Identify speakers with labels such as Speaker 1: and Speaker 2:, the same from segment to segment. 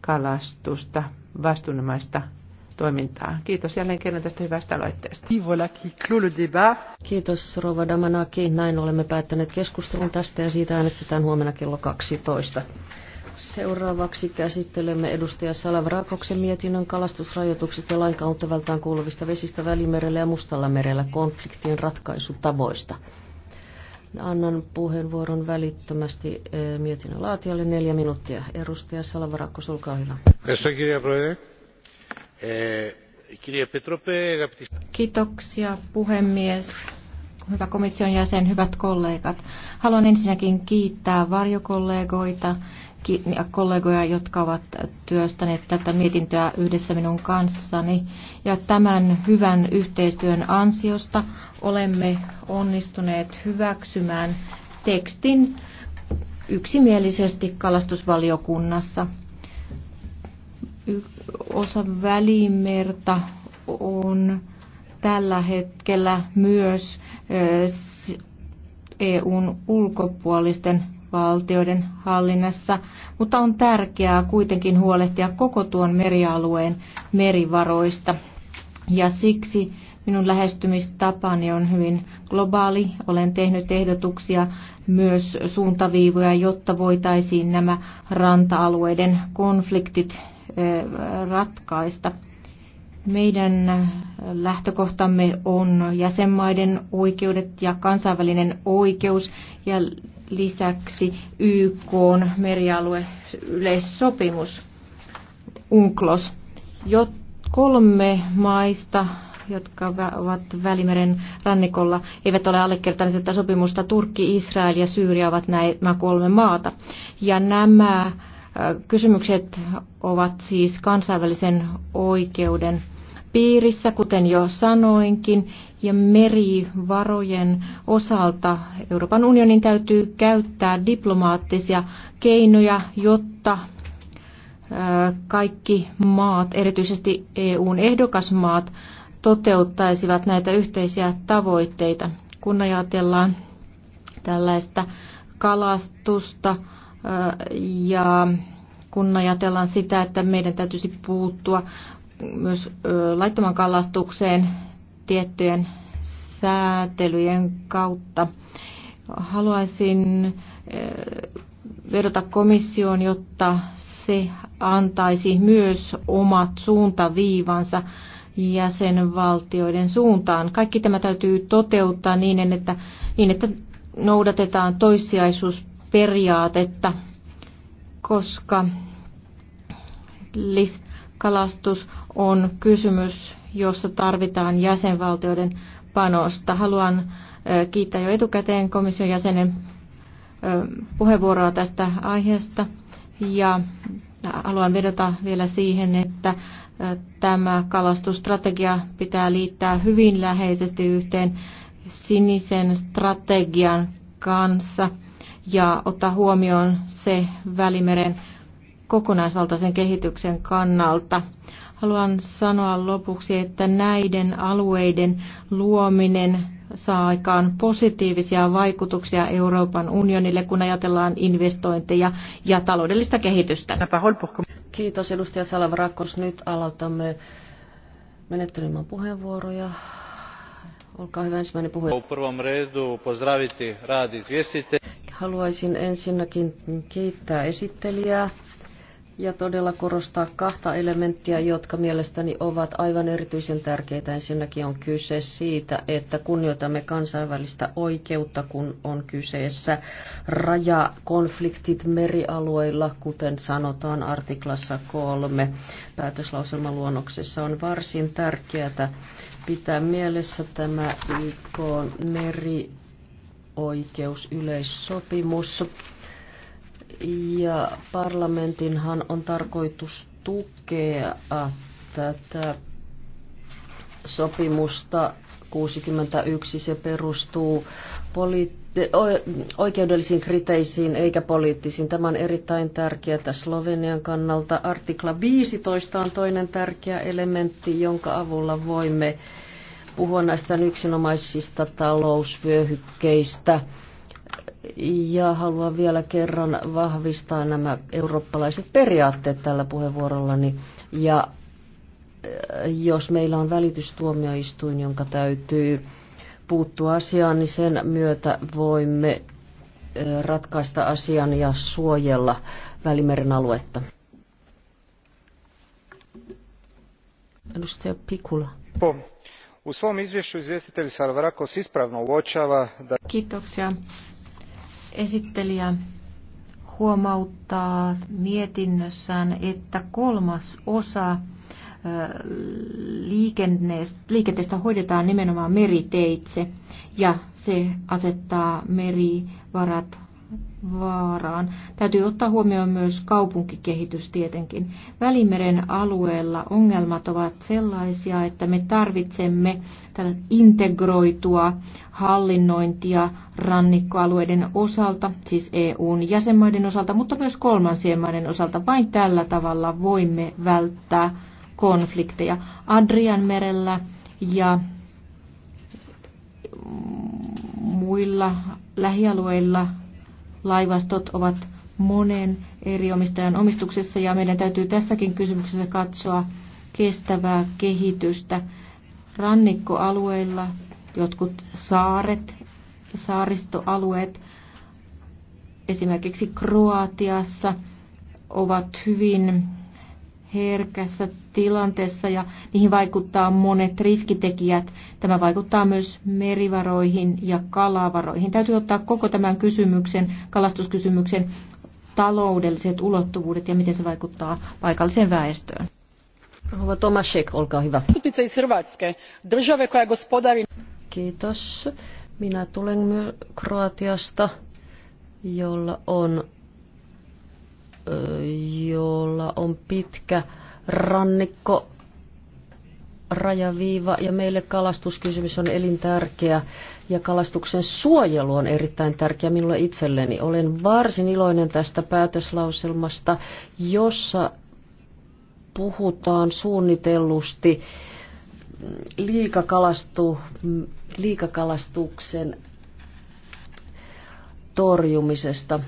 Speaker 1: kalastusta, vastuunomaista toimintaa. Kiitos jälleen kerran tästä hyvästä aloitteesta. Kiitos Rova
Speaker 2: Damanaki. Näin olemme päättäneet keskustelun tästä ja siitä äänestetään huomenna kello 12. Seuraavaksi käsittelemme edustaja Rakoksen mietinnön kalastusrajoitukset ja lainkauttavaltaan kuuluvista vesistä Välimerellä ja Mustalla merellä konfliktien ratkaisutavoista. Annan puheenvuoron välittömästi eh, mietinnön laatijalle neljä
Speaker 3: minuuttia. Edustaja Salavarakko, olkaa hyvä. Kiitoksia puhemies. Hyvä komission jäsen, hyvät kollegat. Haluan ensinnäkin kiittää varjokollegoita kaikkia kollegoja, jotka ovat työstäneet tätä mietintöä yhdessä minun kanssani. Ja tämän hyvän yhteistyön ansiosta olemme onnistuneet hyväksymään tekstin yksimielisesti kalastusvaliokunnassa. Osa välimerta on tällä hetkellä myös EUn ulkopuolisten valtioiden hallinnassa, mutta on tärkeää kuitenkin huolehtia koko tuon merialueen merivaroista. Ja siksi minun lähestymistapani on hyvin globaali. Olen tehnyt ehdotuksia myös suuntaviivoja, jotta voitaisiin nämä ranta-alueiden konfliktit ratkaista. Meidän lähtökohtamme on jäsenmaiden oikeudet ja kansainvälinen oikeus ja lisäksi YK on yleissopimus UNCLOS. Jo kolme maista jotka ovat Välimeren rannikolla, eivät ole allekirjoittaneet tätä sopimusta. Turkki, Israel ja Syyria ovat nämä kolme maata. Ja nämä kysymykset ovat siis kansainvälisen oikeuden piirissä, kuten jo sanoinkin, ja merivarojen osalta Euroopan unionin täytyy käyttää diplomaattisia keinoja, jotta kaikki maat, erityisesti EUn ehdokasmaat, toteuttaisivat näitä yhteisiä tavoitteita. Kun ajatellaan tällaista kalastusta ja kun ajatellaan sitä, että meidän täytyisi puuttua myös laittoman kalastukseen tiettyjen säätelyjen kautta. Haluaisin vedota komissioon, jotta se antaisi myös omat suuntaviivansa jäsenvaltioiden suuntaan. Kaikki tämä täytyy toteuttaa niin, että, niin, että noudatetaan toissijaisuusperiaatetta, koska lis- kalastus on kysymys, jossa tarvitaan jäsenvaltioiden panosta. Haluan kiittää jo etukäteen komission jäsenen puheenvuoroa tästä aiheesta ja haluan vedota vielä siihen, että tämä kalastusstrategia pitää liittää hyvin läheisesti yhteen sinisen strategian kanssa ja ottaa huomioon se Välimeren kokonaisvaltaisen kehityksen kannalta. Haluan sanoa lopuksi, että näiden alueiden luominen saa aikaan positiivisia vaikutuksia Euroopan unionille, kun ajatellaan investointeja ja taloudellista kehitystä.
Speaker 2: Kiitos edustaja Salavrakos. Nyt aloitamme menettelymään puheenvuoroja. Olkaa hyvä ensimmäinen puheenvuoro. Haluaisin ensinnäkin kiittää esittelijää ja todella korostaa kahta elementtiä, jotka mielestäni ovat aivan erityisen tärkeitä. Ensinnäkin on kyse siitä, että kunnioitamme kansainvälistä oikeutta, kun on kyseessä rajakonfliktit merialueilla, kuten sanotaan artiklassa kolme. Päätöslauselmaluonnoksessa on varsin tärkeää pitää mielessä tämä YK meri yleissopimus ja parlamentinhan on tarkoitus tukea tätä sopimusta 61. Se perustuu oikeudellisiin kriteisiin eikä poliittisiin. Tämä on erittäin tärkeää Slovenian kannalta. Artikla 15 on toinen tärkeä elementti, jonka avulla voimme puhua näistä yksinomaisista talousvyöhykkeistä – ja haluan vielä kerran vahvistaa nämä eurooppalaiset periaatteet tällä puheenvuorollani. Ja äh, jos meillä on välitystuomioistuin, jonka täytyy puuttua asiaan, niin sen myötä voimme äh, ratkaista asian ja suojella Välimeren aluetta. Edustaja
Speaker 3: Pikula. U Kiitoksia. Esittelijä huomauttaa mietinnössään, että kolmas osa liikenteestä hoidetaan nimenomaan meriteitse ja se asettaa merivarat vaaraan. Täytyy ottaa huomioon myös kaupunkikehitys tietenkin. Välimeren alueella ongelmat ovat sellaisia, että me tarvitsemme integroitua hallinnointia rannikkoalueiden osalta, siis EUn jäsenmaiden osalta, mutta myös kolmansien maiden osalta. Vain tällä tavalla voimme välttää konflikteja Adrianmerellä ja muilla lähialueilla laivastot ovat monen eri omistajan omistuksessa ja meidän täytyy tässäkin kysymyksessä katsoa kestävää kehitystä. Rannikkoalueilla jotkut saaret, saaristoalueet, esimerkiksi Kroatiassa, ovat hyvin herkässä tilanteessa ja niihin vaikuttaa monet riskitekijät. Tämä vaikuttaa myös merivaroihin ja kalavaroihin. Täytyy ottaa koko tämän kysymyksen, kalastuskysymyksen taloudelliset ulottuvuudet ja miten se vaikuttaa paikalliseen väestöön.
Speaker 2: Rova Tomasek, olkaa hyvä. Kiitos. Minä tulen myös Kroatiasta, jolla on jolla on pitkä rannikko rajaviiva ja meille kalastuskysymys on elintärkeä ja kalastuksen suojelu on erittäin tärkeä minulle itselleni. Olen varsin iloinen tästä päätöslauselmasta, jossa puhutaan suunnitellusti liikakalastu, liikakalastuksen torjumisesta.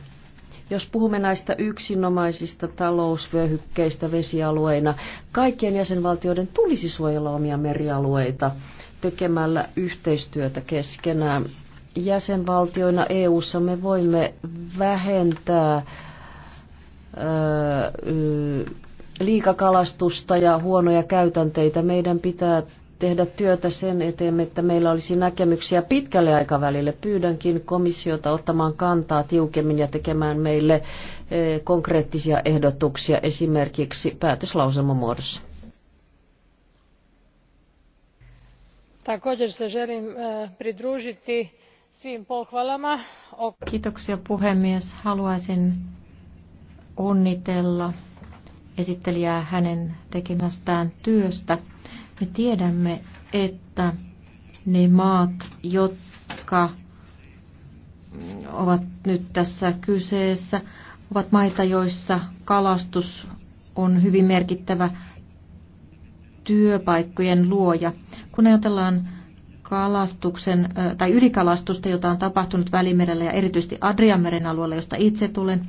Speaker 2: Jos puhumme näistä yksinomaisista talousvyöhykkeistä vesialueina, kaikkien jäsenvaltioiden tulisi suojella omia merialueita tekemällä yhteistyötä keskenään. Jäsenvaltioina EU:ssa me voimme vähentää öö, liikakalastusta ja huonoja käytänteitä. Meidän pitää tehdä työtä sen eteen, että meillä olisi näkemyksiä pitkälle aikavälille. Pyydänkin komissiota ottamaan kantaa tiukemmin ja tekemään meille eh, konkreettisia ehdotuksia esimerkiksi päätöslauselman muodossa. Također se želim eh, pridružiti svim
Speaker 3: pohvalama. Kiitoksia puhemies. Haluaisin onnitella esittelijää hänen tekemästään työstä. Me tiedämme, että ne maat, jotka ovat nyt tässä kyseessä, ovat maita, joissa kalastus on hyvin merkittävä työpaikkojen luoja. Kun ajatellaan kalastuksen tai ylikalastusta, jota on tapahtunut Välimerellä ja erityisesti Adrianmeren alueella, josta itse tulen,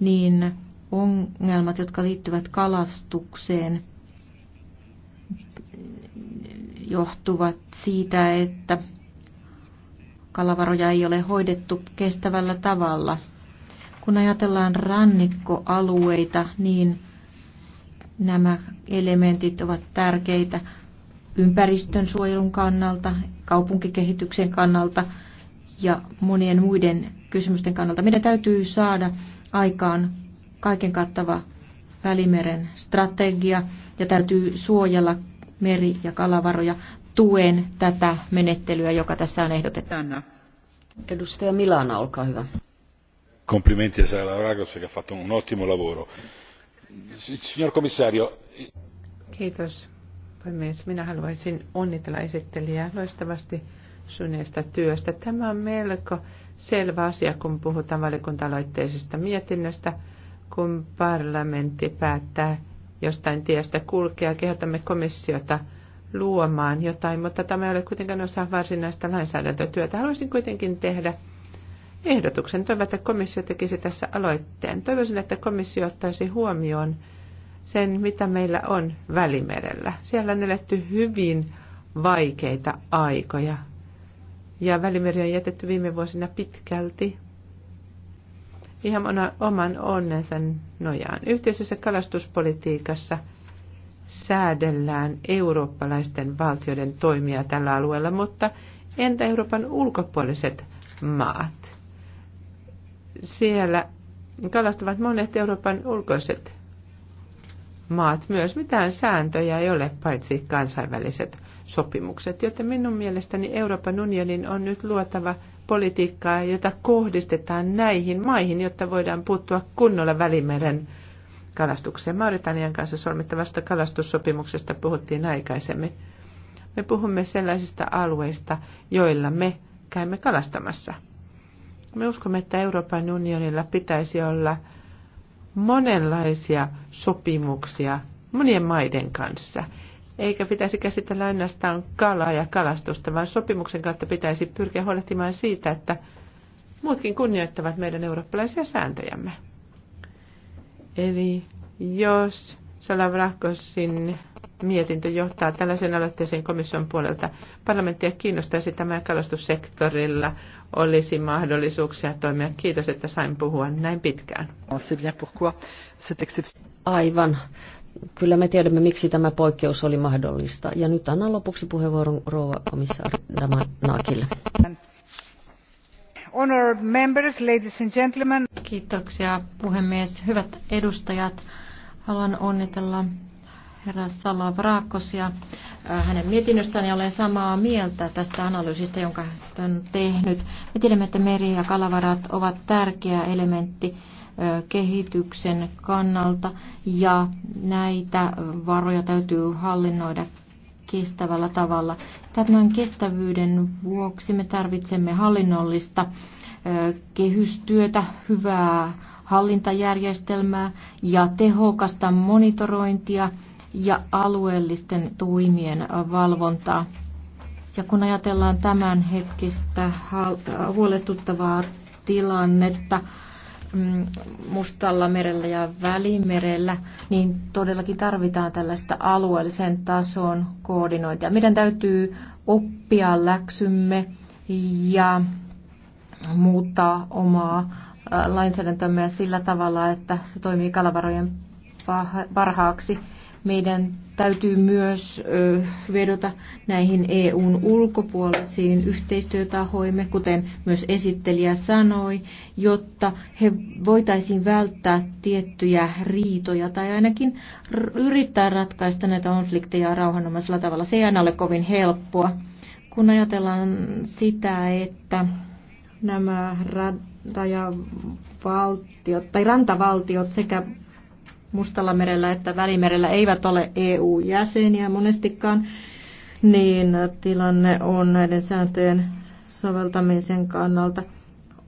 Speaker 3: niin ongelmat, jotka liittyvät kalastukseen, johtuvat siitä, että kalavaroja ei ole hoidettu kestävällä tavalla. Kun ajatellaan rannikkoalueita, niin nämä elementit ovat tärkeitä ympäristön suojelun kannalta, kaupunkikehityksen kannalta ja monien muiden kysymysten kannalta. Meidän täytyy saada aikaan kaiken kattava Välimeren strategia ja täytyy suojella meri- ja kalavaroja. Tuen tätä menettelyä, joka tässä on ehdotettu. Anna. Edustaja Milana, olkaa hyvä.
Speaker 2: Complimenti a Salavrakos, che ha fatto un ottimo lavoro. Signor commissario...
Speaker 1: Kiitos, puhemies. Minä haluaisin onnitella esittelijää loistavasti suneesta työstä. Tämä on melko selvä asia, kun puhutaan valiokuntaloitteisesta mietinnöstä, kun parlamentti päättää jostain tiestä kulkea. Kehotamme komissiota luomaan jotain, mutta tämä ei ole kuitenkaan osa varsinaista lainsäädäntötyötä. Haluaisin kuitenkin tehdä ehdotuksen. Toivon, että komissio tekisi tässä aloitteen. Toivoisin, että komissio ottaisi huomioon sen, mitä meillä on Välimerellä. Siellä on eletty hyvin vaikeita aikoja. Ja Välimeri on jätetty viime vuosina pitkälti ihan oman onnensa nojaan. Yhteisessä kalastuspolitiikassa säädellään eurooppalaisten valtioiden toimia tällä alueella, mutta entä Euroopan ulkopuoliset maat? Siellä kalastavat monet Euroopan ulkoiset maat myös. Mitään sääntöjä ei ole, paitsi kansainväliset sopimukset, joten minun mielestäni Euroopan unionin on nyt luotava politiikkaa, jota kohdistetaan näihin maihin, jotta voidaan puuttua kunnolla Välimeren kalastukseen. Mauritanian kanssa solmittavasta kalastussopimuksesta puhuttiin aikaisemmin. Me puhumme sellaisista alueista, joilla me käymme kalastamassa. Me uskomme, että Euroopan unionilla pitäisi olla monenlaisia sopimuksia monien maiden kanssa eikä pitäisi käsitellä ainoastaan kalaa ja kalastusta, vaan sopimuksen kautta pitäisi pyrkiä huolehtimaan siitä, että muutkin kunnioittavat meidän eurooppalaisia sääntöjämme. Eli jos Salavrakosin mietintö johtaa tällaisen aloitteeseen komission puolelta, parlamenttia kiinnostaisi tämä kalastussektorilla olisi mahdollisuuksia toimia. Kiitos, että sain puhua näin pitkään.
Speaker 2: Aivan kyllä me tiedämme, miksi tämä poikkeus oli mahdollista. Ja nyt annan lopuksi puheenvuoron rouva komissaari Damanakille.
Speaker 3: members, ladies and gentlemen. Kiitoksia puhemies. Hyvät edustajat, haluan onnitella herra Vraakosia hänen mietinnöstään ja olen samaa mieltä tästä analyysistä, jonka hän on tehnyt. Me tiedämme, että meri- ja kalavarat ovat tärkeä elementti kehityksen kannalta ja näitä varoja täytyy hallinnoida kestävällä tavalla. Tämän kestävyyden vuoksi me tarvitsemme hallinnollista kehystyötä, hyvää hallintajärjestelmää ja tehokasta monitorointia ja alueellisten toimien valvontaa. Ja kun ajatellaan tämän hetkistä huolestuttavaa tilannetta, Mm, mustalla merellä ja Välimerellä, niin todellakin tarvitaan tällaista alueellisen tason koordinointia. Meidän täytyy oppia läksymme ja muuttaa omaa lainsäädäntömme sillä tavalla, että se toimii kalavarojen parhaaksi meidän täytyy myös vedota näihin EUn ulkopuolisiin yhteistyötahoimme, kuten myös esittelijä sanoi, jotta he voitaisiin välttää tiettyjä riitoja tai ainakin yrittää ratkaista näitä konflikteja rauhanomaisella tavalla. Se ei aina ole kovin helppoa, kun ajatellaan sitä, että nämä ra- rajavaltiot tai rantavaltiot sekä Mustalla merellä että Välimerellä eivät ole EU-jäseniä monestikaan, niin tilanne on näiden sääntöjen soveltamisen kannalta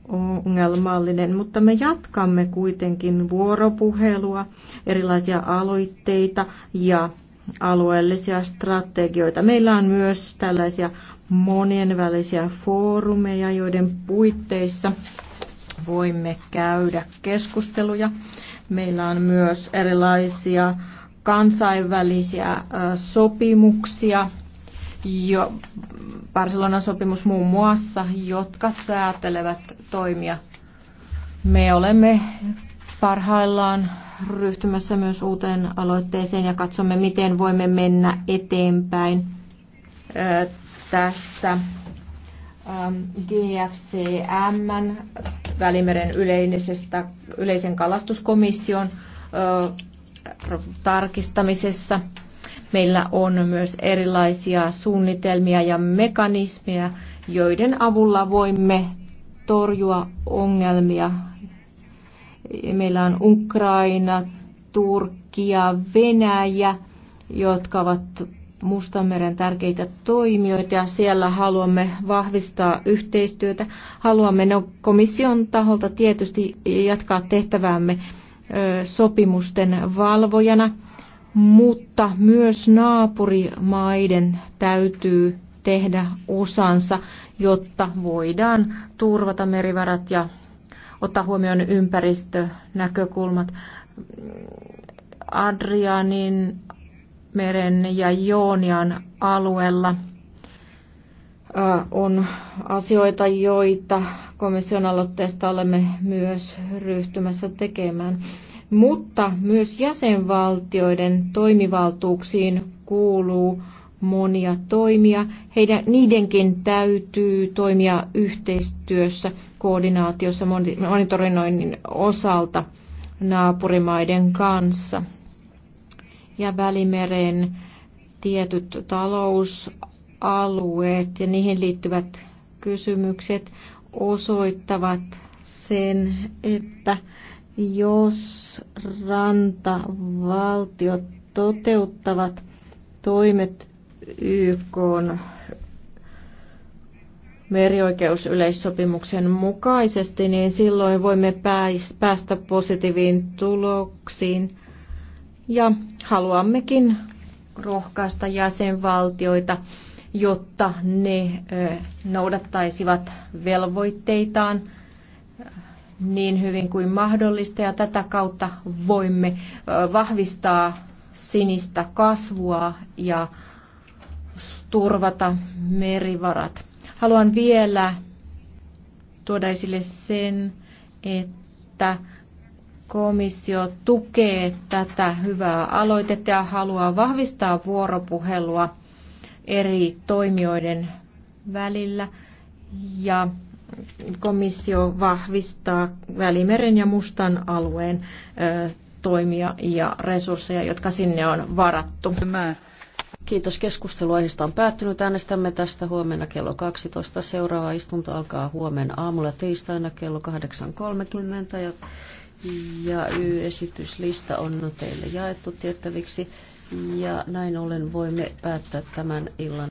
Speaker 3: ongelmallinen, mutta me jatkamme kuitenkin vuoropuhelua, erilaisia aloitteita ja alueellisia strategioita. Meillä on myös tällaisia monienvälisiä foorumeja, joiden puitteissa voimme käydä keskusteluja Meillä on myös erilaisia kansainvälisiä sopimuksia, jo Barcelonan sopimus muun muassa, jotka säätelevät toimia. Me olemme parhaillaan ryhtymässä myös uuteen aloitteeseen ja katsomme, miten voimme mennä eteenpäin tässä GFCM, ähm, Välimeren yleisestä, yleisen kalastuskomission tarkistamisessa. Meillä on myös erilaisia suunnitelmia ja mekanismeja, joiden avulla voimme torjua ongelmia. Meillä on Ukraina, Turkki ja Venäjä, jotka ovat Mustanmeren tärkeitä toimijoita ja siellä haluamme vahvistaa yhteistyötä. Haluamme no, komission taholta tietysti jatkaa tehtäväämme sopimusten valvojana, mutta myös naapurimaiden täytyy tehdä osansa, jotta voidaan turvata merivarat ja ottaa huomioon ympäristönäkökulmat. Adrianin Meren ja Joonian alueella on asioita, joita komission aloitteesta olemme myös ryhtymässä tekemään. Mutta myös jäsenvaltioiden toimivaltuuksiin kuuluu monia toimia. Heidän, niidenkin täytyy toimia yhteistyössä, koordinaatiossa, monitorinoinnin osalta naapurimaiden kanssa ja Välimeren tietyt talousalueet ja niihin liittyvät kysymykset osoittavat sen, että jos rantavaltiot toteuttavat toimet YK merioikeusyleissopimuksen mukaisesti, niin silloin voimme päästä positiiviin tuloksiin ja haluammekin rohkaista jäsenvaltioita, jotta ne noudattaisivat velvoitteitaan niin hyvin kuin mahdollista ja tätä kautta voimme vahvistaa sinistä kasvua ja turvata merivarat. Haluan vielä tuoda esille sen, että komissio tukee tätä hyvää aloitetta ja haluaa vahvistaa vuoropuhelua eri toimijoiden välillä ja komissio vahvistaa Välimeren ja Mustan alueen toimia ja resursseja, jotka sinne on varattu. Kiitos. Keskustelu aiheesta
Speaker 2: on päättynyt. Äänestämme tästä huomenna kello 12. Seuraava istunto alkaa huomenna aamulla tiistaina kello 8.30. Ja ja Y-esityslista on teille jaettu tiettäviksi ja näin ollen voimme päättää tämän illan.